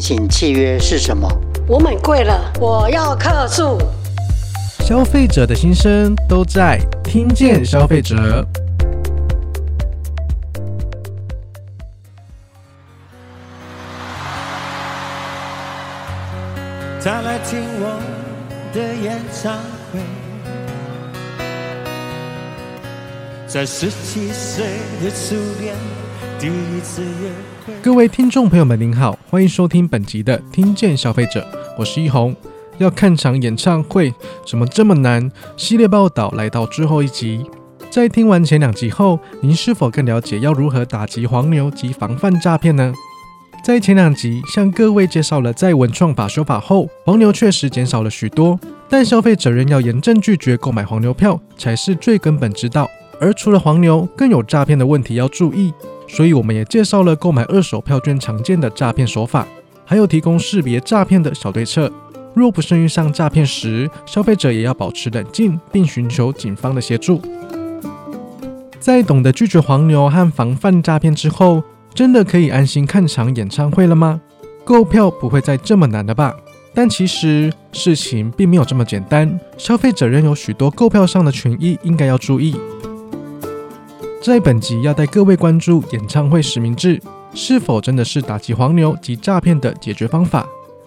請契約是什麼？我買貴了，我要客訴。消費者的心聲都在聽見，消費者。各位聽眾朋友們，您好，歡迎收聽本集的《聽見消費者》，我是奕弘。要看場演唱會，怎麼這麼難？系列報道來到最後一集，在聽完前兩集後，您是否更了解要如何打擊黃牛及防範詐騙呢？在前兩集向各位介紹了在文創法修法後，黃牛確實減少了許多，但消費者仍要嚴正拒絕購買黃牛票才是最根本之道。而除了黃牛，更有詐騙的問題要注意。所以，我們也介紹了購買二手票券常見的詐騙手法，還有提供識別詐騙的小對策。若不慎遇上詐騙時，消費者也要保持冷靜，並尋求警方的協助。在懂得拒絕黃牛和防範詐騙之後，真的可以安心看場演唱會了嗎？購票不會再這麼難了吧？但其實事情並沒有這麼簡單，消費者仍有許多購票上的權益應該要注意。在本集要帶各位關注演唱會實名制是否真的是打擊黃牛及詐騙的解決方法？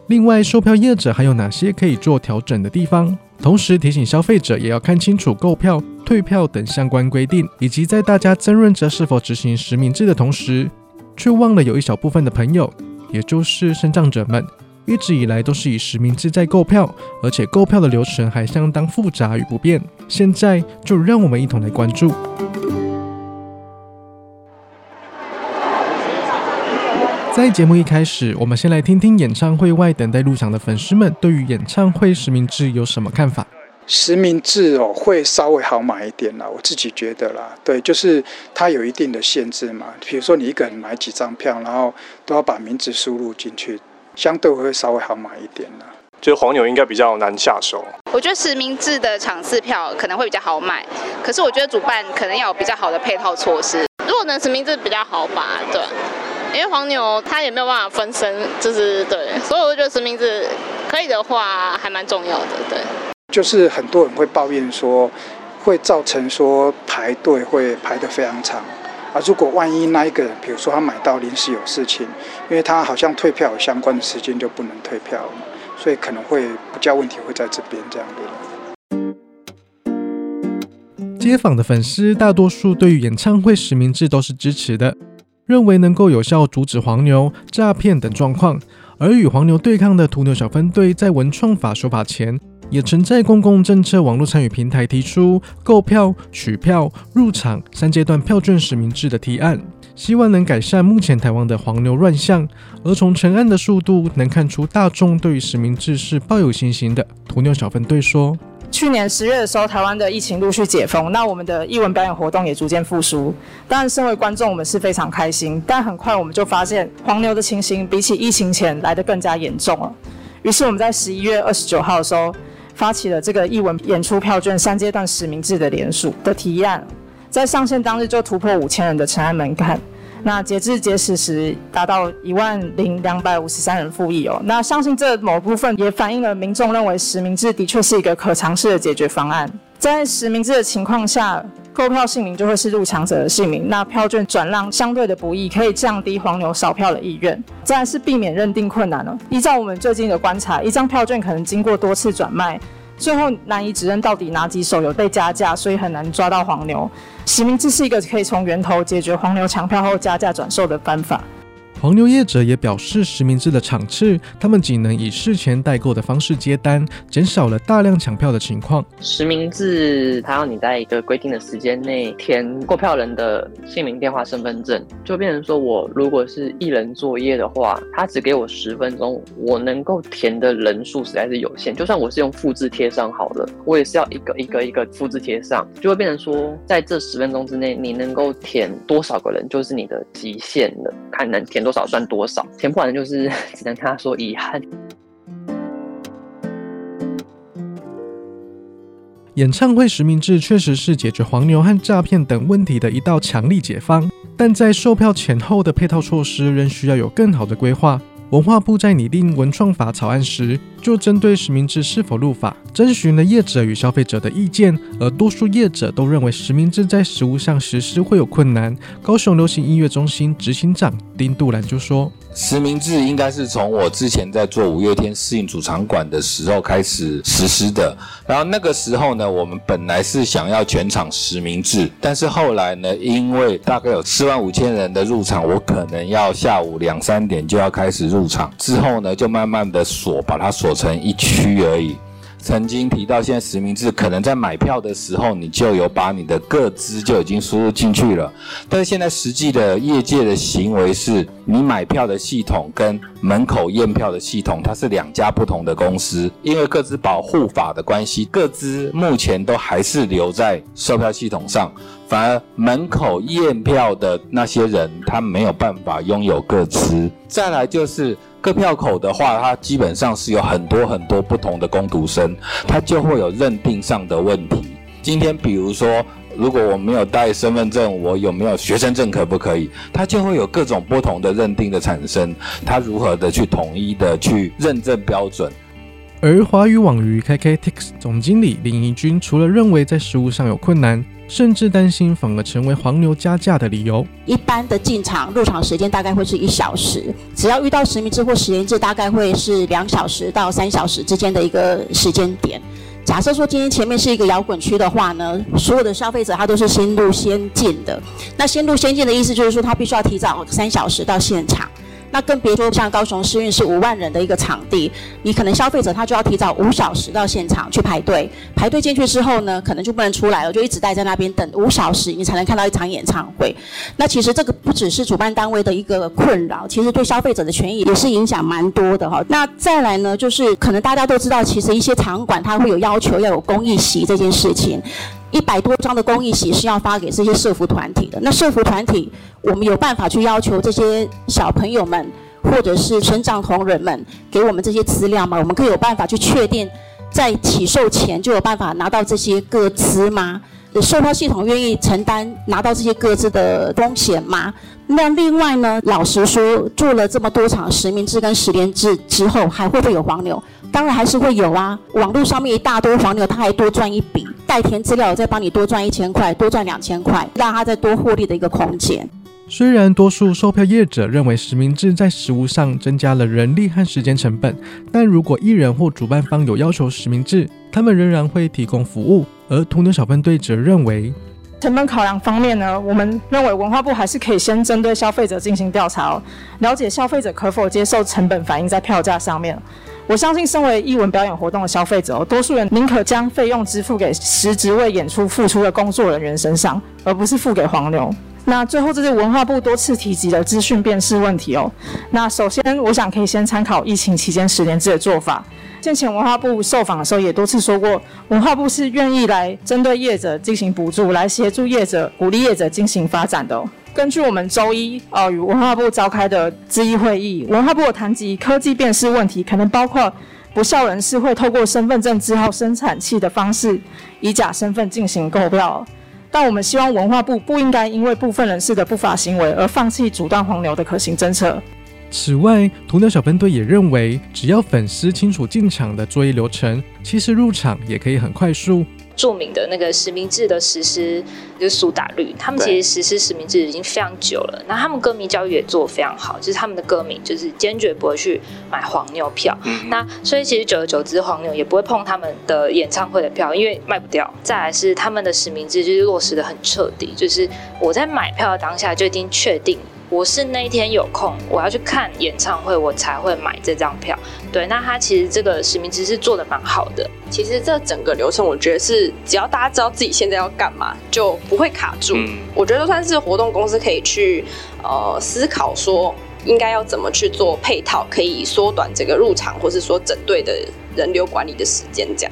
另外，售票業者還有哪些可以做調整的地方？同時提醒消費者也要看清楚購票、退票等相關規定。以及在大家爭論着是否執行實名制的同時，卻忘了有一小部分的朋友，也就是身障者們，一直以來都是以實名制在購票，而且購票的流程還相當複雜與不便。現在就讓我們一同來關注。在節目一開始，我們先來聽聽演唱會外等待入場的粉絲們對於演唱會實名制有什麼看法。實名制哦、喔，會稍微好買一點啦，我自己覺得啦，對，就是它有一定的限制嘛，比如說你一個人買幾張票，然後都要把名字輸入進去，相對會稍微好買一點啦。就是黃牛應該比較難下手。我覺得實名制的場次票可能會比較好買，可是我覺得主辦可能要有比較好的配套措施。如果能實名制比較好吧，對。因為黃牛他也沒有辦法分身，就是對，所以我覺得實名制可以的話還蠻重要的。對，就是很多人會抱怨說，會造成說排隊會排得非常長，啊，如果萬一那一個人，比如說他買到臨時有事情，因為他好像退票有相關的時間就不能退票，所以可能會不叫問題會在這邊這樣的。街訪的粉絲大多數對於演唱會實名制都是支持的。認為能夠有效阻止黃牛詐騙等狀況，而與黃牛對抗的途牛小分隊在文創法修法前，也曾在公共政策網絡參與平台提出購票、取票、入場三階段票券實名制的提案，希望能改善目前台灣的黃牛亂象。而從成案的速度，能看出大眾對於實名制是抱有信心的。途牛小分隊說。去年十月的時候，台灣的疫情陸續解封，那我們的藝文表演活動也逐漸復甦。但身為觀眾，我們是非常開心。但很快我們就發現，黃牛的情形比起疫情前來得更加嚴重了。於是我們在十一月二十九號的時候，發起了這個藝文演出票券三階段實名制的聯署的提案，在上線當日就突破五千人的成案門檻。那截至截止時，達到一萬零兩百五十三人附議哦。那相信這某部分也反映了民眾認為實名制的確是一個可嘗試的解決方案。在實名制的情況下，購票姓名就會是入場者的姓名，那票券轉讓相對的不易，可以降低黃牛少票的意願，再是避免認定困難哦。依照我們最近的觀察，一張票券可能經過多次轉賣。最後難以指認到底哪幾手有被加價，所以很難抓到黃牛。實名制是一個可以從源頭解決黃牛搶票後加價轉售的辦法。黃牛業者也表示，實名制的場次，他們僅能以事前代購的方式接單，減少了大量搶票的情況。實名制，他要你在一個規定的時間內填購票人的姓名、電話、身份證，就變成說我如果是一人作業的話，他只給我十分鐘，我能夠填的人數實在是有限。就算我是用複製貼上好了，我也是要一個一個一個複製貼上，就會變成說，在這十分鐘之內，你能夠填多少個人就是你的極限了，看能填多多少賺多少，填不完的就是只能跟他說遺憾。演唱會實名制確實是解決黃牛和詐騙等問題的一道強力解方，但在售票前後的配套措施仍需要有更好的規劃。文化部在擬定文創法草案時，就針對實名制是否入法，徵詢了業者與消費者的意見，而多數業者都認為實名制在實務上實施會有困難。高雄流行音樂中心執行長丁杜蘭就說。實名制應該是從我之前在做五月天適應主場館的時候開始實施的。然後那個時候呢，我們本來是想要全場實名制，但是後來呢，因為大概有四萬五千人的入場，我可能要下午兩三點就要開始入場，之後呢就慢慢的鎖，把它鎖成一區而已。曾經提到，現在實名制可能在買票的時候，你就有把你的個資就已經輸入進去了。但是現在實際的業界的行為是，你買票的系統跟門口驗票的系統，它是兩家不同的公司，因為個資保護法的關係，個資目前都還是留在售票系統上，反而門口驗票的那些人，他沒有辦法擁有個資。再來就是。各票口的話，它基本上是有很多很多不同的工讀生，它就會有認定上的問題。今天比如說，如果我沒有帶身份證，我有沒有學生證可不可以？它就會有各種不同的認定的產生。它如何的去統一的去認證標準？而華語網娛 KKTIX 總經理林義君除了認為在實務上有困難，甚至擔心反而成為黃牛加價的理由。一般的進場入場時間大概會是一小時，只要遇到實名制或實聯制，大概會是兩小時到三小時之間的一個時間點。假設說今天前面是一個搖滾區的話呢，所有的消費者他都是先入先進的。那先入先進的意思就是說，他必須要提早三小時到現場。那更別說像高雄世運是五萬人的一個場地，你可能消費者他就要提早五小時到現場去排隊，排隊進去之後呢，可能就不能出來了，就一直待在那邊等五小時，你才能看到一場演唱會。那其實這個不只是主辦單位的一個困擾，其實對消費者的權益也是影響蠻多的哈、哦。那再來呢，就是可能大家都知道，其實一些場館它會有要求要有公益席這件事情。一百多張的公益席是要發給這些社福團體的。那社福團體，我們有辦法去要求這些小朋友們，或者是成長同仁們，給我們這些資料嗎？我們可以有辦法去確定，在起售前就有辦法拿到這些個資嗎？售票系統願意承擔拿到這些個資的風險嗎？那另外呢，老實說，做了這麼多場實名制跟實聯制之後，還會不會有黃牛？當然還是會有啊，網絡上面一大堆黃牛，他還多賺一筆，代填資料再幫你多賺一千塊，多賺兩千塊，讓他再多獲利的一個空間。雖然多數售票業者認為實名制在實務上增加了人力和時間成本，但如果藝人或主辦方有要求實名制，他們仍然會提供服務。而屠牛小分隊則認為，成本考量方面呢，我們認為文化部還是可以先針對消費者進行調查、哦，了解消費者可否接受成本反映在票價上面。我相信，身為藝文表演活動的消費者、哦，多數人寧可將費用支付給實質為演出付出的工作人員身上，而不是付給黃牛。那最後，這是文化部多次提及的資訊辨識問題哦。那首先，我想可以先參考疫情期間實名制的做法。先前文化部受訪的時候也多次說過，文化部是願意來針對業者進行補助，來協助業者，鼓勵業者進行發展的、哦。根據我們周一，呃，與文化部召開的諮議會議，文化部有談及科技辨識問題，可能包括不肖人士會透過身份證字號生產器的方式，以假身份進行購票。但我們希望文化部不應該因為部分人士的不法行為而放棄阻擋黃牛的可行政策。此外，鴕鳥小分隊也認為，只要粉絲清楚進場的作業流程，其實入場也可以很快速。著名的那個實名制的實施就是蘇打綠，他們其實實施實名制已經非常久了。對那他們歌迷教育也做得非常好，就是他們的歌迷就是堅決不會去買黃牛票。嗯、哼那所以其實久而久之，黃牛也不會碰他們的演唱會的票，因為賣不掉。再來是他們的實名制就是落實得很徹底，就是我在買票的當下就已經確定。我是那一天有空，我要去看演唱會，我才會買這張票。對，那他其實這個實名制是做得蠻好的。其實這整個流程，我覺得是只要大家知道自己現在要幹嘛，就不會卡住。嗯。我覺得都算是活動公司可以去呃思考說，應該要怎麼去做配套，可以縮短這個入場或者是說整隊的人流管理的時間，這樣。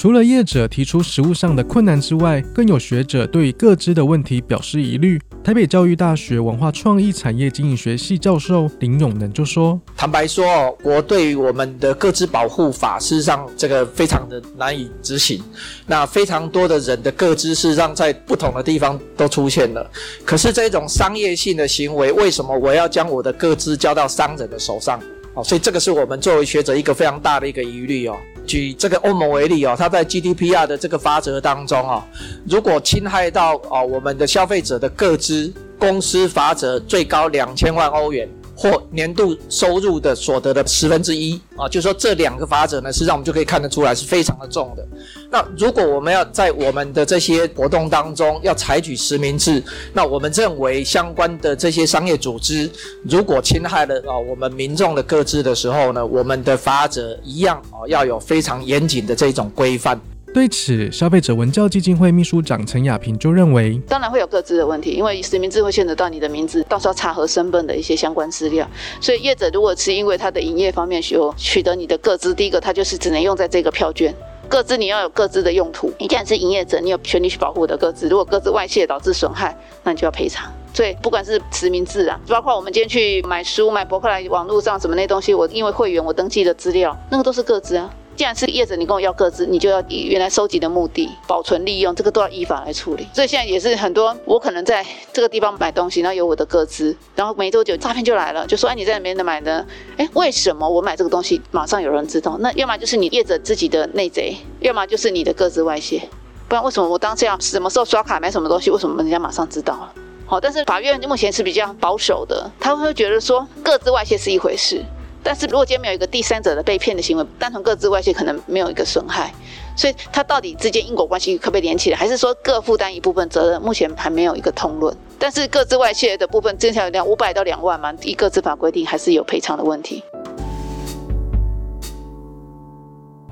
除了業者提出實務上的困難之外，更有學者對於個資的問題表示疑慮。台北教育大學文化創意產業經營學系教授林永能就說：“坦白說哦，我對於我們的個資保護法事實上這個非常的難以執行。那非常多的人的個資事實上在不同的地方都出現了，可是這種商業性的行為，為什麼我要將我的個資交到商人的手上？哦，所以這個是我們作為學者一個非常大的一個疑慮哦。”舉這個歐盟為例哦，它在 GDPR 的這個罰則當中哦，如果侵害到哦我們的消費者的個資，公司罰則最高兩千萬歐元。或年度收入的所得的十分之一啊，就說這兩個罰則呢，實際上我們就可以看得出來是非常的重的。那如果我們要在我們的這些活動當中要採取實名制，那我們認為相關的這些商業組織，如果侵害了啊我們民眾的個資的時候呢，我們的罰則一樣啊要有非常嚴謹的這種規範。對此，消費者文教基金會秘書長陳雅萍就認為，當然會有個資的問題，因為實名制會限製到你的名字，到時候查核身份的一些相關資料。所以業者如果是因為他的營業方面需要取得你的個資，第一個他就是只能用在這個票券，個資你要有個資的用途。你既然是營業者，你有權利去保護我的個資，如果個資外泄導致損害，那你就要賠償。所以不管是實名制啊，包括我們今天去買書、買博客來、網絡上什麼那東西，我因為會員我登記的資料，那個都是個資啊。既然是業者，你跟我要個資，你就要以原來收集的目的、保存、利用，這個都要依法來處理。所以現在也是很多，我可能在這個地方買東西，然後有我的個資，然後沒多久詐騙就來了，就說哎，你在哪邊的買的？哎、欸，為什麼我買這個東西，馬上有人知道？那要麼就是你業者自己的內賊，要麼就是你的個資外泄，不然為什麼我當下什麼時候刷卡買什麼東西，為什麼人家馬上知道了？好、哦，但是法院目前是比較保守的，他會覺得說個資外泄是一回事。但是，如果今天沒有一個第三者的被騙的行為，單純個資外洩，可能沒有一個損害，所以它到底之間因果關係可不可以連起來，還是說各負擔一部分責任？目前還沒有一個通論。但是個資外洩的部分，正常有兩五百到兩萬嘛，依個資法規定還是有賠償的問題。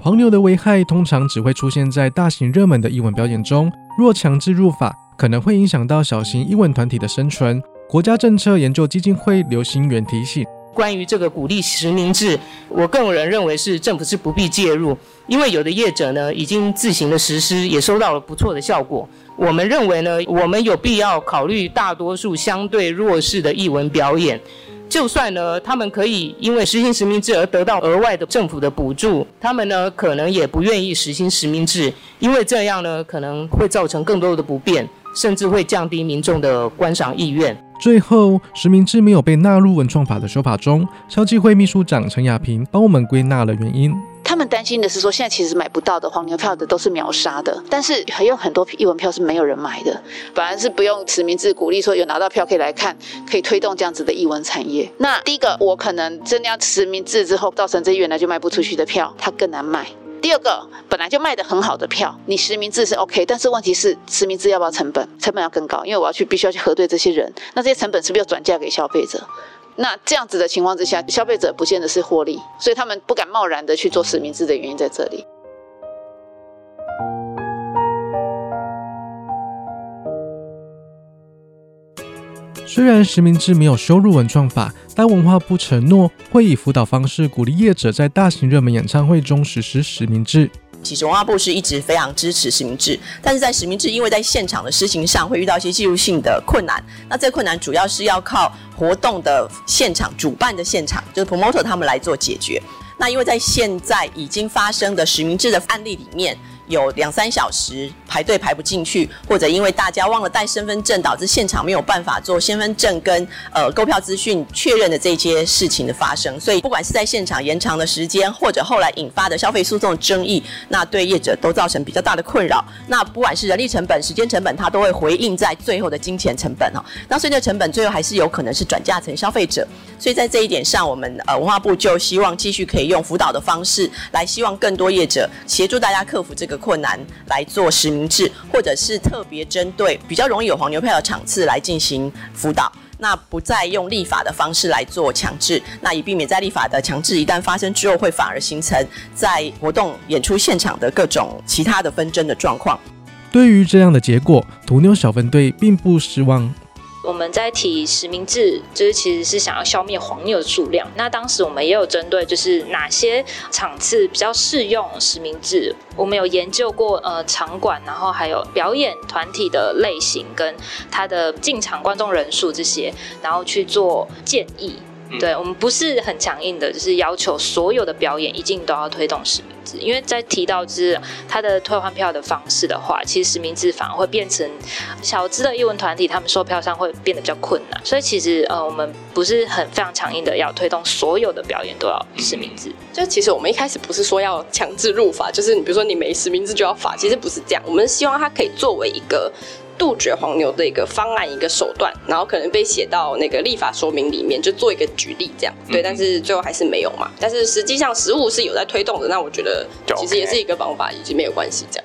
黃牛的危害通常只會出現在大型熱門的藝文表演中，若強制入法，可能會影響到小型藝文團體的生存。國家政策研究基金會流行員提醒。關於這個鼓勵實名制，我個人認為是政府是不必介入，因為有的業者呢已經自行的實施，也收到了不錯的效果。我們認為呢，我們有必要考慮大多數相對弱勢的藝文表演，就算呢他們可以因為實行實名制而得到額外的政府的補助，他們呢可能也不願意實行實名制，因為這樣呢可能會造成更多的不便，甚至會降低民眾的觀賞意願。最後，實名制沒有被納入文創法的修法中。消基會秘書長陳亞萍幫我們歸納了原因。他們擔心的是說，現在其實買不到的黃牛票的都是秒殺的，但是還有很多藝文票是沒有人買的，反而是不用實名制，鼓勵說有拿到票可以來看，可以推動這樣子的藝文產業。那第一個，我可能真的要實名制之後，造成這原來就賣不出去的票，它更難賣。第二個，本來就賣的很好的票，你實名制是 OK，但是問題是實名制要不要成本？成本要更高，因為我要去必須要去核對這些人，那這些成本是不是要轉嫁給消費者？那這樣子的情況之下，消費者不見得是獲利，所以他們不敢貿然的去做實名制的原因在這裡。雖然實名制沒有修入文創法，但文化部承諾會以輔導方式鼓勵業者在大型熱門演唱會中實施實名制。其實文化部是一直非常支持實名制，但是在實名制因為在現場的實行上會遇到一些技術性的困難。那這個困難主要是要靠活動的現場、主辦的現場，就是 promoter 他們來做解決。那因為在現在已經發生的實名制的案例裡面，有兩三小時。排隊排不進去，或者因為大家忘了帶身份證，導致現場沒有辦法做身份證跟呃購票資訊確認的這些事情的發生。所以，不管是在現場延長的時間，或者後來引發的消費訴訟爭議，那對業者都造成比較大的困擾。那不管是人力成本、時間成本，它都會回應在最後的金錢成本哈、喔。那所以這成本最後還是有可能是轉嫁成消費者。所以在這一點上，我們呃文化部就希望繼續可以用輔導的方式來，希望更多業者協助大家克服這個困難，來做實名。強制，或者是特別針對比較容易有黃牛票的場次來進行輔導，那不再用立法的方式來做強制，那以避免在立法的強制一旦發生之後，會反而形成在活動演出現場的各種其他的紛爭的狀況。對於這樣的結果，屠牛小分隊並不失望。我們在提實名制，就是其實是想要消滅黃牛的數量。那當時我們也有針對，就是哪些場次比較適用實名制。我們有研究過，呃，場館，然後還有表演團體的類型跟它的進場觀眾人數這些，然後去做建議。對，我們不是很強硬的，就是要求所有的表演一定都要推動實名制。因為在提到就是，它的退換票的方式的話，其實實名制反而會變成小資的藝文團體他們售票上會變得比較困難。所以其實呃，我們不是很非常強硬的要推動所有的表演都要實名制。就其實我們一開始不是說要強制入法，就是你比如說你沒實名制就要罰。其實不是這樣。我們希望它可以作為一個。杜絕黃牛的一個方案、一個手段，然後可能被寫到那個立法說明裡面，就做一個舉例這樣。對，嗯、但是最後還是沒有嘛。但是實際上，實務是有在推動的。那我覺得其實也是一個方法，已經沒有關係這樣。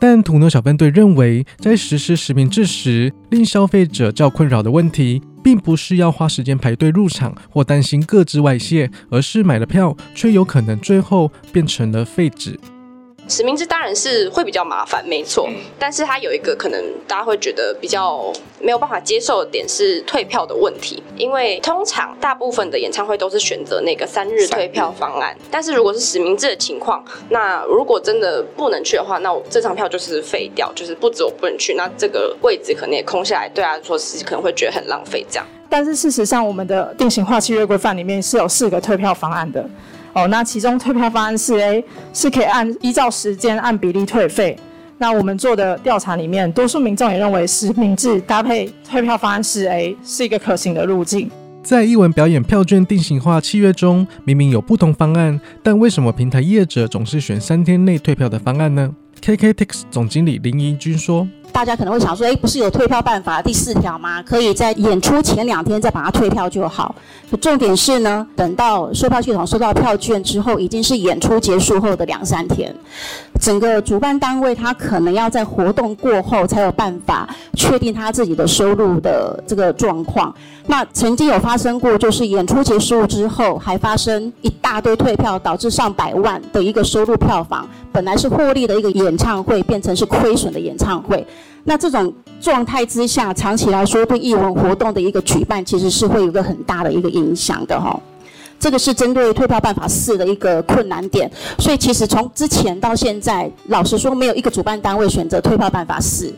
但土牛小分隊認為，在實施實名制時，令消費者較困擾的問題，並不是要花時間排隊入場或擔心個資外洩，而是買了票卻有可能最後變成了廢紙。實名制當然是會比較麻煩，沒錯。嗯、但是它有一個可能大家會覺得比較沒有辦法接受的點是退票的問題，因為通常大部分的演唱會都是選擇那個三日退票方案。了但是如果是實名制的情況，那如果真的不能去的話，那我這張票就是廢掉，就是不止我不能去，那這個位置可能也空下來，對啊，說是可能會覺得很浪費這樣。但是事實上，我們的定型化契約規範裡面是有四個退票方案的。哦，那其中退票方案四 A 是可以按依照時間按比例退費。那我們做的調查裡面，多數民眾也認為實名制搭配退票方案四 A 是一個可行的路徑。在藝文表演票券定型化契約中，明明有不同方案，但為什麼平台業者總是選三天內退票的方案呢？KKTIX 總經理林怡君說。大家可能會想說：“誒，不是有退票辦法第四條嗎？可以在演出前兩天再把它退票就好。”重點是呢，等到售票系統收到票券之後，已經是演出結束後的兩三天。整個主辦單位他可能要在活動過後才有辦法確定他自己的收入的這個狀況。那曾經有發生過，就是演出結束之後還發生一大堆退票，導致上百萬的一個收入票房，本來是獲利的一個演唱會變成是虧損的演唱會。那這種狀態之下，長期來說對藝文活動的一個舉辦其實是會有一個很大的一個影響的哈、哦。這個是針對退票辦法四的一個困難點，所以其實從之前到現在，老實說沒有一個主辦單位選擇退票辦法四。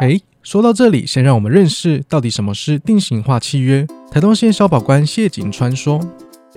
哎，說到這裡，先讓我們認識到底什麼是定型化契約。台東縣消保官謝景川說：“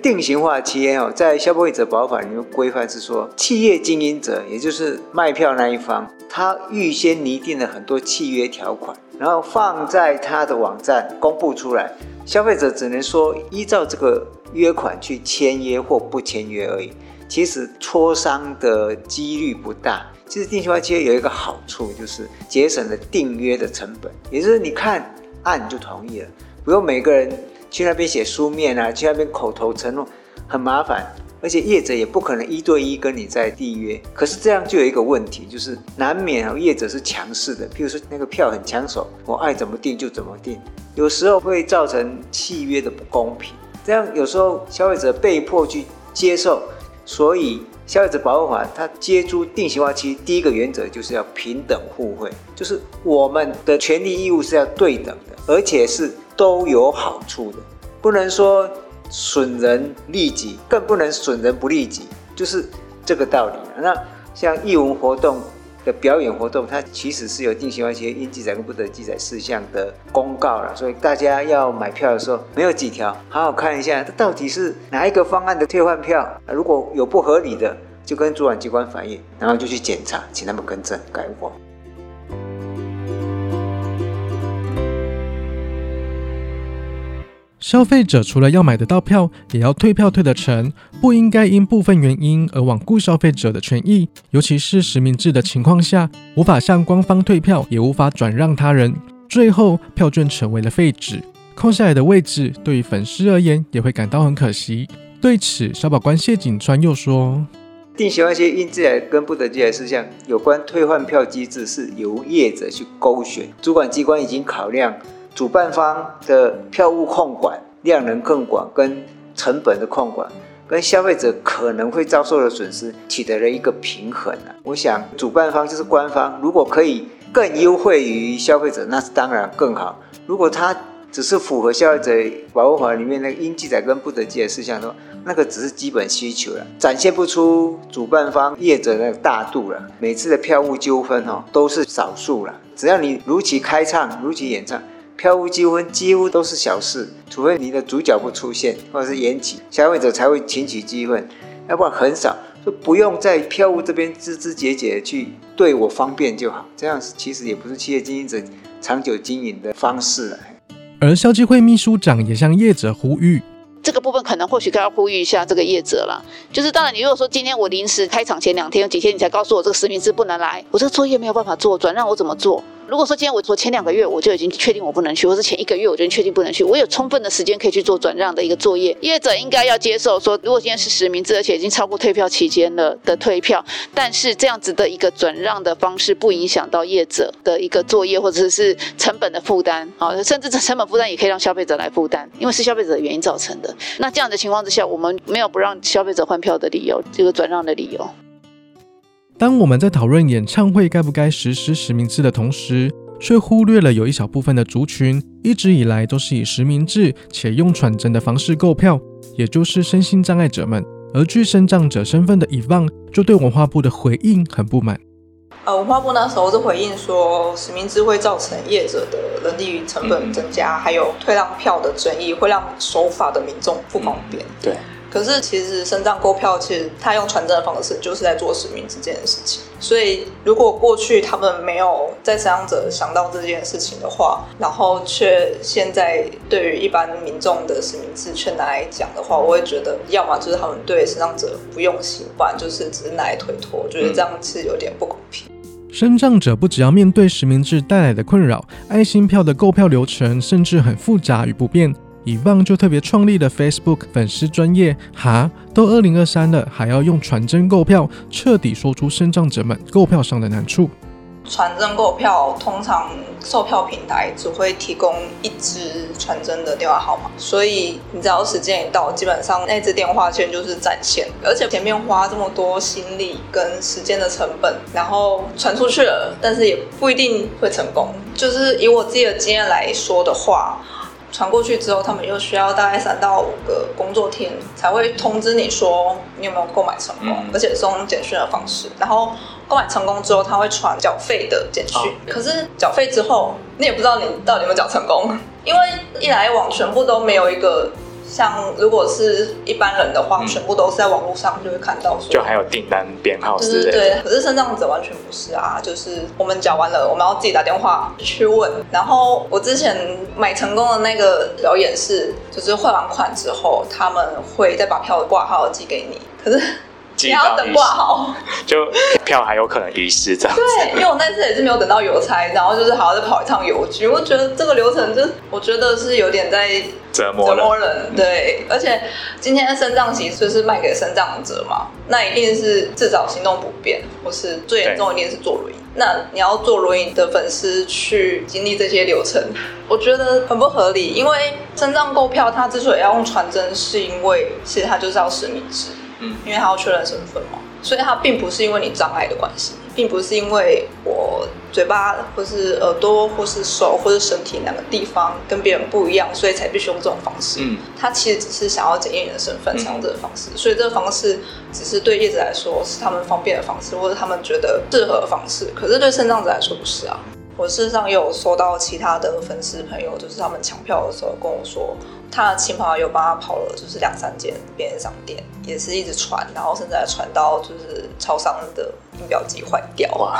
定型化契約哦，在消費者保護法裡面規範是說，企業經營者，也就是賣票那一方，他預先擬定了很多契約條款。”然後放在他的網站公布出來，消費者只能說依照這個約款去簽約或不簽約而已。其實磋商的幾率不大。其實電子化契約有一個好處，就是節省了訂約的成本，也就是你看按你就同意了，不用每個人去那邊寫書面啊，去那邊口頭承諾，很麻煩。而且業者也不可能一對一跟你在締約，可是這樣就有一個問題，就是難免啊，業者是強勢的。譬如說那個票很搶手，我愛怎麼定就怎麼定，有時候會造成契約的不公平。這樣有時候消費者被迫去接受，所以消費者保護法它接觸定型化契約，第一個原則就是要平等互惠，就是我們的權利義務是要對等的，而且是都有好處的，不能說。損人利己，更不能損人不利己，就是這個道理。那像藝文活動的表演活動，它其實是有定型化契約應記載和不得記載事項的公告了，所以大家要買票的時候，沒有幾條，好好看一下，它到底是哪一個方案的退換票。如果有不合理的，就跟主管機關反映，然後就去檢查，請他們更正改過。消費者除了要買得到票，也要退票退得成，不應該因部分原因而罔顧消費者的權益。尤其是實名制的情況下，無法向官方退票，也無法轉讓他人，最後票券成為了廢紙，空下來的位置對於粉絲而言也會感到很可惜。對此，消保官謝景川又說：“定型一些應記載跟不得記載事項，有關退換票機制是由業者去勾選，主管機關已經考量。”主辦方的票務控管量能更廣，跟成本的控管，跟消費者可能會遭受的損失，取得了一個平衡啊。我想，主辦方就是官方，如果可以更優惠於消費者，那是當然更好。如果他只是符合消費者保護法裡面那個應記載跟不得記的事項的話，那個只是基本需求了，展現不出主辦方業者的大度了。每次的票務糾紛哦，都是少數了。只要你如期開唱，如期演唱。票務糾紛幾乎都是小事，除非你的主角不出現或者是延期，消費者才會提起糾紛，要不然很少。就不用在票務這邊枝枝節節去對我方便就好，這樣其實也不是企業經營者長久經營的方式啊。而消基會秘書長也向業者呼籲，這個部分可能或許該要呼籲一下這個業者了，就是當然你如果說今天我臨時開場前兩天有幾天你才告訴我這個實名制不能來，我這個作業沒有辦法做，轉讓我怎麼做？如果說今天我做，前兩個月我就已經確定我不能去，或是前一個月我就已經確定不能去，我有充分的時間可以去做轉讓的一個作業。業者應該要接受說，如果今天是實名制，而且已經超過退票期間了的退票，但是這樣子的一個轉讓的方式不影響到業者的一個作業或者是，是成本的負擔，啊、哦，甚至這成本負擔也可以讓消費者來負擔，因為是消費者的原因造成的。那這樣的情況之下，我們沒有不讓消費者換票的理由，這、就、個、是、轉讓的理由。當我們在討論演唱會該不該實施實名制的同時，卻忽略了有一小部分的族群，一直以來都是以實名制且用傳真的方式購票，也就是身心障礙者們。而據身障者身份的伊方就對文化部的回應很不滿。呃，文化部那時候是回應說，實名制會造成業者的人力成本增加，嗯、還有退讓票的爭議會讓守法的民眾不方便。嗯、對。可是，其實身障購票，其實他用傳真的方式，就是在做實名制這件事情。所以，如果過去他們沒有在身障者想到這件事情的話，然後卻現在對於一般民眾的實名制卻拿來講的話，我會覺得，要麼就是他們對身障者不用心，不然就是只是拿來推脫，我覺得這樣其實有點不公平。嗯、身障者不只要面對實名制帶來的困擾，愛心票的購票流程甚至很複雜與不便。以 b 就特別創立了 Facebook 粉絲專頁，哈，都二零二三了，還要用傳真購票，徹底說出身障者們購票上的難處。傳真購票通常售票平台只會提供一支傳真的電話號碼，所以你只要時間一到，基本上那只電話線就是占線，而且前面花這麼多心力跟時間的成本，然後傳出去了，但是也不一定會成功。就是以我自己的經驗來說的話。傳過去之後，他們又需要大概三到五個工作天才會通知你說你有沒有購買成功，嗯、而且是用簡訊的方式。然後購買成功之後，他會傳繳費的簡訊，好可是繳費之後你也不知道你到底有沒有繳成功，因為一來一往全部都沒有一個。像如果是一般人的話，嗯、全部都是在網絡上就會看到，就還有訂單編號之類的。就是、對，可是身障者完全不是啊，就是我們講完了，我們要自己打電話去問。然後我之前買成功的那個表演是，就是匯完款之後，他們會再把票的掛號寄給你。可是。你要等掛號， 就票還有可能遺失。這樣 對，因為我那次也是沒有等到郵差， 然後就是好好的跑一趟郵局。嗯、我覺得這個流程就，就我覺得是有點在折磨折磨人。對，嗯、而且今天的身障席就是賣給身障者嘛，那一定是至少行動不便，或是最嚴重一定是坐輪椅。對那你要坐輪椅的粉絲去經歷這些流程，我覺得很不合理。因為身障購票，它之所以要用傳真，是因為其實它就是要實名制。嗯，因為他要確認身份嘛，所以他並不是因為你障礙的關係，並不是因為我嘴巴或是耳朵或是手或是身體哪個地方跟別人不一樣，所以才必須用這種方式。嗯，他其實只是想要檢驗你的身份，才用這種方式。所以這個方式只是對業者來說是他們方便的方式，或者他們覺得適合的方式，可是對身障者來說不是啊。我事實上也有收到其他的粉絲朋友，就是他們搶票的時候跟我說，他的親朋好友幫他跑了，就是兩三間便利商店，也是一直傳，然後甚至還傳到就是超商的印表機壞掉啊。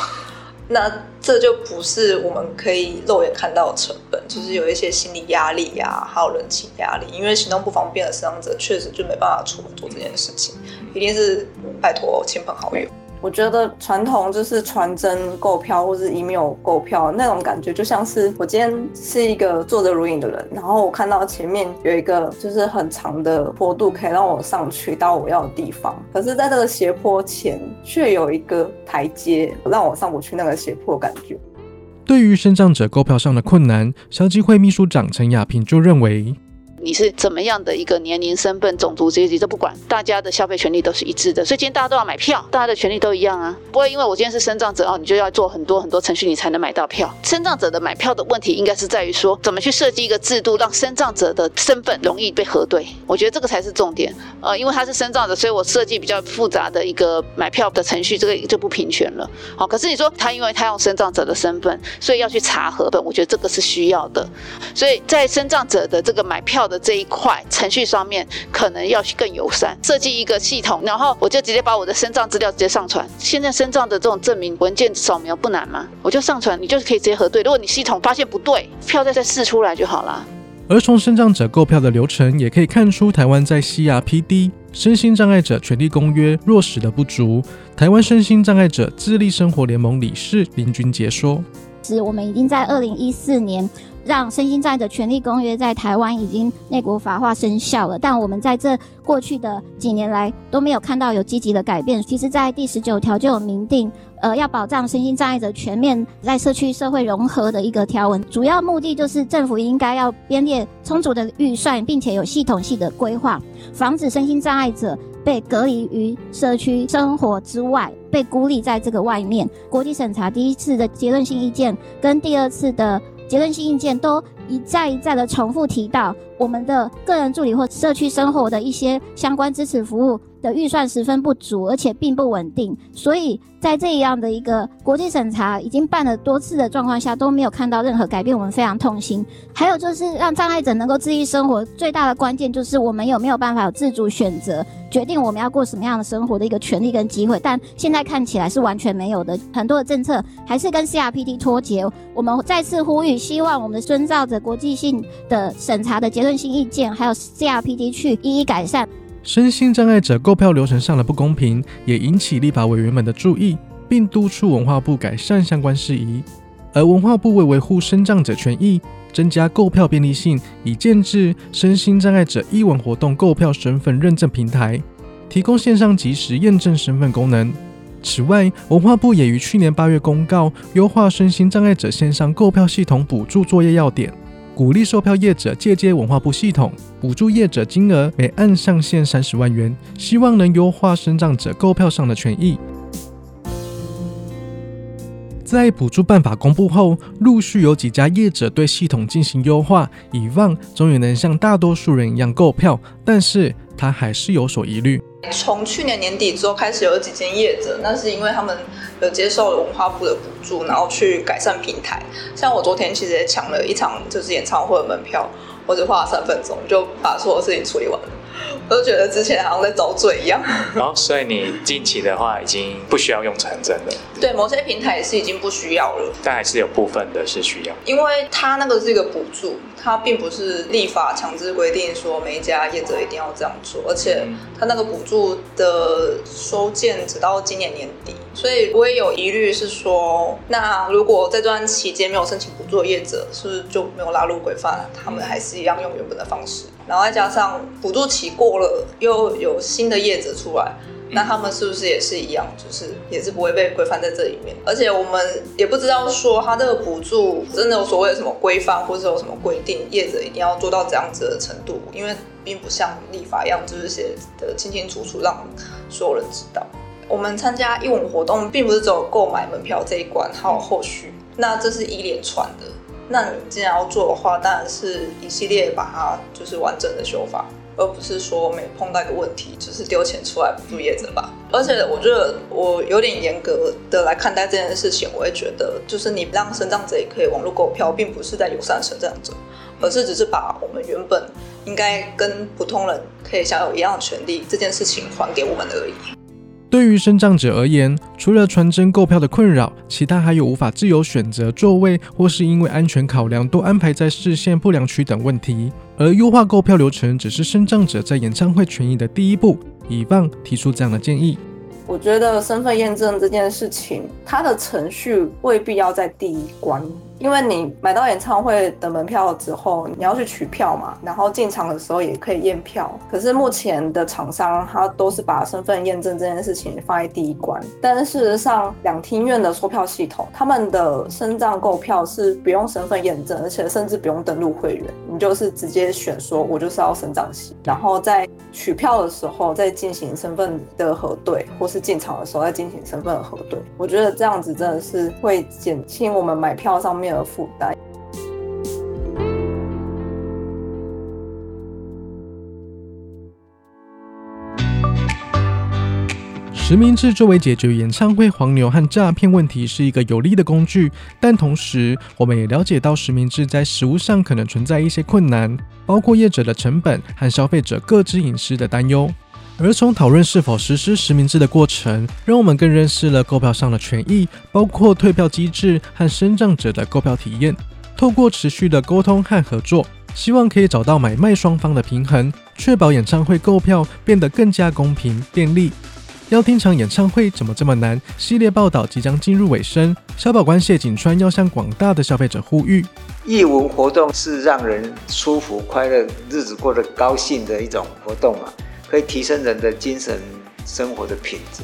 那這就不是我們可以肉眼看到的成本，就是有一些心理壓力呀、啊，還有人情壓力，因為行動不方便的身障者確實就沒辦法出門做這件事情，一定是、嗯、拜托親朋好友。我覺得傳統就是傳真購票或者是 email 購票那種感覺，就像是我今天是一個坐着輪椅的人，然後我看到前面有一個就是很長的坡度，可以讓我上去到我要的地方，可是在這個斜坡前卻有一個台階，讓我上不去那個斜坡感覺。對於身障者購票上的困難，消基會秘書長陳雅萍就認為。你是怎麼樣的一個年齡、身份、種族、階級，這不管，大家的消費權利都是一致的。所以今天大家都要買票，大家的權利都一樣啊，不會因為我今天是身障者哦，你就要做很多很多程序，你才能買到票。身障者的買票的問題，應該是在於說，怎麼去設計一個制度，讓身障者的身份容易被核對。我覺得這個才是重點。呃，因為他是身障者，所以我設計比較複雜的一個買票的程序，這個就不平權了。好、哦，可是你說他因為他用身障者的身份，所以要去查核本，我覺得這個是需要的。所以在身障者的這個買票的。這一塊程序，上面可能要去更友善，設計一個系統，然後我就直接把我的身障資料直接上傳。現在身障的這種證明文件掃描不難嗎？我就上傳，你就是可以直接核對。如果你系統發現不對，票再再試出來就好了。而從身障者購票的流程也可以看出臺，臺灣在 CRPD，身心障礙者權利公約落實的不足，台灣身心障礙者自立生活聯盟理事林俊杰說：“其實我們已經在二零一四年讓身心障礙者權利公約在台灣已經內國法化生效了，但我們在這過去的幾年來都沒有看到有積極的改變。其實，在第十九條就有明定，呃，要保障身心障礙者全面在社區社會融合的一個條文，主要目的就是政府應該要編列充足的預算，並且有系統性的規劃，防止身心障礙。”者被隔離於社區生活之外，被孤立在這個外面。國際審查第一次的結論性意見跟第二次的結論性意見都一再一再的重複提到。我們的個人助理或社區生活的一些相關支持服務的預算十分不足，而且並不穩定。所以在這樣的一個國際審查已經辦了多次的狀況下，都沒有看到任何改變，我們非常痛心。還有就是讓障礙者能夠自立生活最大的關鍵，就是我們有沒有辦法有自主選擇決定我們要過什麼樣的生活的一個權利跟機會。但現在看起來是完全沒有的，很多的政策還是跟 CRPD 脫節。我們再次呼籲，希望我們遵照着國際性的審查的結論。更新意見，還有 C R P D 去一一改善。身心障礙者購票流程上的不公平，也引起立法委員們的注意，並督促文化部改善相關事宜。而文化部為維護身障者權益，增加購票便利性，以建置身心障礙者藝文活動購票身份認證平台，提供線上即時驗證身份功能。此外，文化部也於去年八月公告，優化身心障礙者線上購票系統補助作業要點。鼓勵售票業者借接文化部系統，補助業者金額每案上限三十萬元，希望能優化身障者購票上的權益。在補助辦法公布後，陸續有幾家業者對系統進行優化，以望終於能像大多數人一樣購票。但是，他還是有所疑慮。從去年年底之後開始有幾間業者，那是因為他們有接受文化部的補助，然後去改善平台。像我昨天其實也搶了一場就是演唱會的門票，我只花了三分鐘就把所有事情處理完了，我都覺得之前好像在遭罪一樣。然後、哦，所以你近期的話已經不需要用傳真了？對，某些平台也是已經不需要了，但還是有部分的是需要。因為它那個是一個補助，它並不是立法強制規定說每一家業者一定要這樣做，而且它那個補助的收件直到今年年底，所以我也有疑慮是說，那如果在這段期間沒有申請補助的業者，是不是就沒有拉入規範？他們還是一樣用原本的方式，然後再加上補助期過了，又有新的業者出來。那他們是不是也是一樣，就是也是不會被規範在這裡面？而且我們也不知道說他這個補助真的有所謂的什麼規範，或者是有什麼規定，業者一定要做到這樣子的程度，因為並不像立法一樣，就是寫得清清楚楚讓所有人知道。我們參加藝文活動，並不是只有購買門票這一關，還有後續，那這是一連串的。那你既然要做的話，當然是一系列把它就是完整的修法。而不是說每碰到一個問題就是丟錢出來補助業者吧，而且我覺得我有點嚴格的來看待這件事情，我也覺得就是你讓身障者也可以網絡購票，並不是在友善身障者，而是只是把我們原本應該跟普通人可以享有一樣的權利這件事情還給我們而已。對於身障者而言，除了傳真購票的困擾，其他還有無法自由選擇座位，或是因為安全考量都安排在視線不良區等問題。而優化購票流程只是身障者在演唱會權益的第一步，以棒提出這樣的建議。我覺得身份驗證這件事情，它的程序未必要在第一關。因為你買到演唱會的門票之後，你要去取票嘛，然後進場的時候也可以驗票。可是目前的廠商，他都是把身份驗證這件事情放在第一關，但是事實上，兩廳院的售票系統，他們的身障購票是不用身份驗證，而且甚至不用登錄會員。就是直接選說，我就是要身障席，然後在取票的時候再進行身份的核對，或是進場的時候再進行身份的核對。我覺得這樣子真的是會減輕我們買票上面的負擔。實名制作為解決演唱會黃牛和詐騙問題是一個有力的工具，但同時我們也了解到實名制在實施上可能存在一些困難，包括業者的成本和消費者個資隱私的擔憂。而從討論是否實施實名制的過程，讓我們更認識了購票上的權益，包括退票機制和身障者的購票體驗。透過持續的溝通和合作，希望可以找到買賣雙方的平衡，確保演唱會購票變得更加公平、便利。要聽場演唱會怎麼這麼難？系列報道即將進入尾聲，消保官謝景川要向廣大的消費者呼籲。藝文活動是讓人舒服、快樂、日子過得高興的一種活動嘛、啊，可以提升人的精神生活的品質。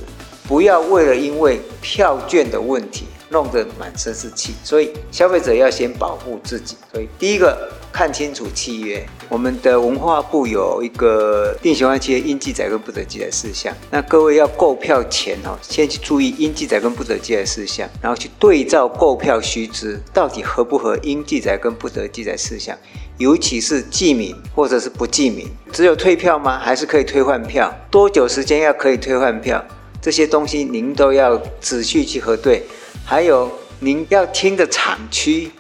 不要為了因為票券的問題，弄得滿身是氣。所以，消費者要先保護自己。所以，第一個。看清楚契約，我們的文化部有一個定型化契約應記載跟不得記載事項。那各位要購票前哦，先去注意應記載跟不得記載事項，然後去對照購票須知，到底合不合應記載跟不得記載事項。尤其是記名或者是不記名，只有退票嗎？還是可以退換票？多久時間要可以退換票？這些東西您都要仔細去核對。還有您要聽的場區，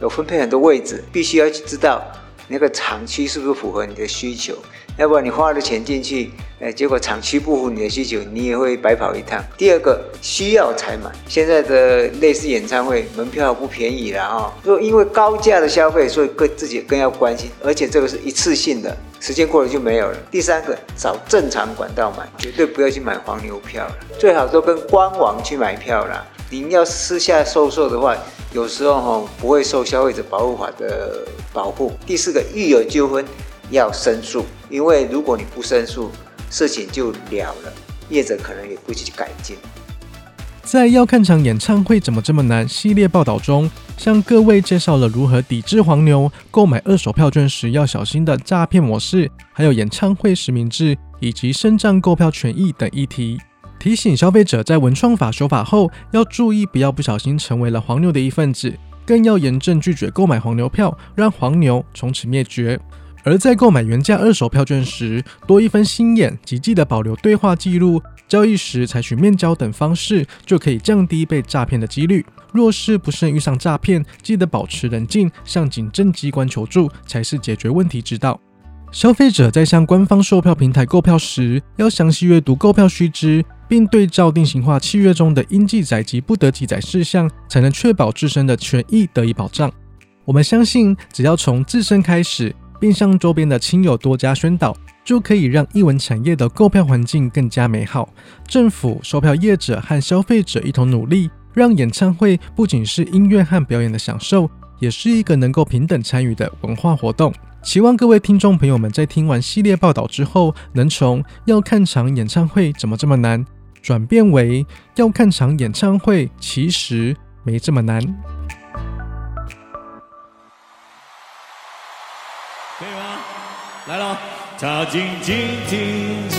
有分配很多位置，必須要去知道那個場區是不是符合你的需求，要不然你花了錢進去，欸，結果場區不符你的需求，你也會白跑一趟。第二個，需要才買。現在的類似演唱會門票不便宜啦。啊、哦，如果因為高價的消費，所以各自己更要關心。而且這個是一次性的，時間過了就沒有了。第三個，找正常管道買，絕對不要去買黃牛票，最好都跟官網去買票啦。您要私下收售的話，有時候吼不會受消費者保護法的保護。第四個，遇有糾紛要申訴，因為如果你不申訴，事情就了了，業者可能也不去改進。在《要看場演唱會怎麼這麼難》系列報道中，向各位介紹了如何抵制黃牛、購買二手票券時要小心的詐騙模式，還有演唱會實名制以及身障購票權益等議題。提醒消費者在文創法修法後，要注意不要不小心成為了黃牛的一份子，更要嚴正拒絕購買黃牛票，讓黃牛從此滅絕。而在購買原價二手票券時，多一分心眼，及記得保留對話記錄，交易時採取面交等方式，就可以降低被詐騙的幾率。若是不慎遇上詐騙，記得保持冷靜，向警政機關求助才是解決問題之道。消費者在向官方售票平台購票時，要詳細閱讀購票須知。並對照定型化契約中的應記載及不得記載事項，才能確保自身的權益得以保障。我們相信，只要從自身開始，並向周邊的親友多加宣導，就可以讓藝文產業的購票環境更加美好。政府、售票業者和消費者一同努力，讓演唱會不僅是音樂和表演的享受，也是一個能夠平等參與的文化活動。希望各位聽眾朋友們在聽完系列報道之後，能從要看場演唱會怎麼這麼難。轉變為要看場演唱會，其實沒這麼難。可以嗎？來了。他靜靜聽着，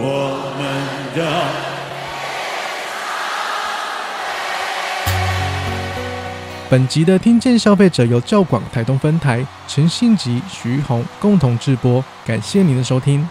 我們的本集的聽見消費者由教廣台東分台陳信吉、徐紅共同製播，感謝您的收聽。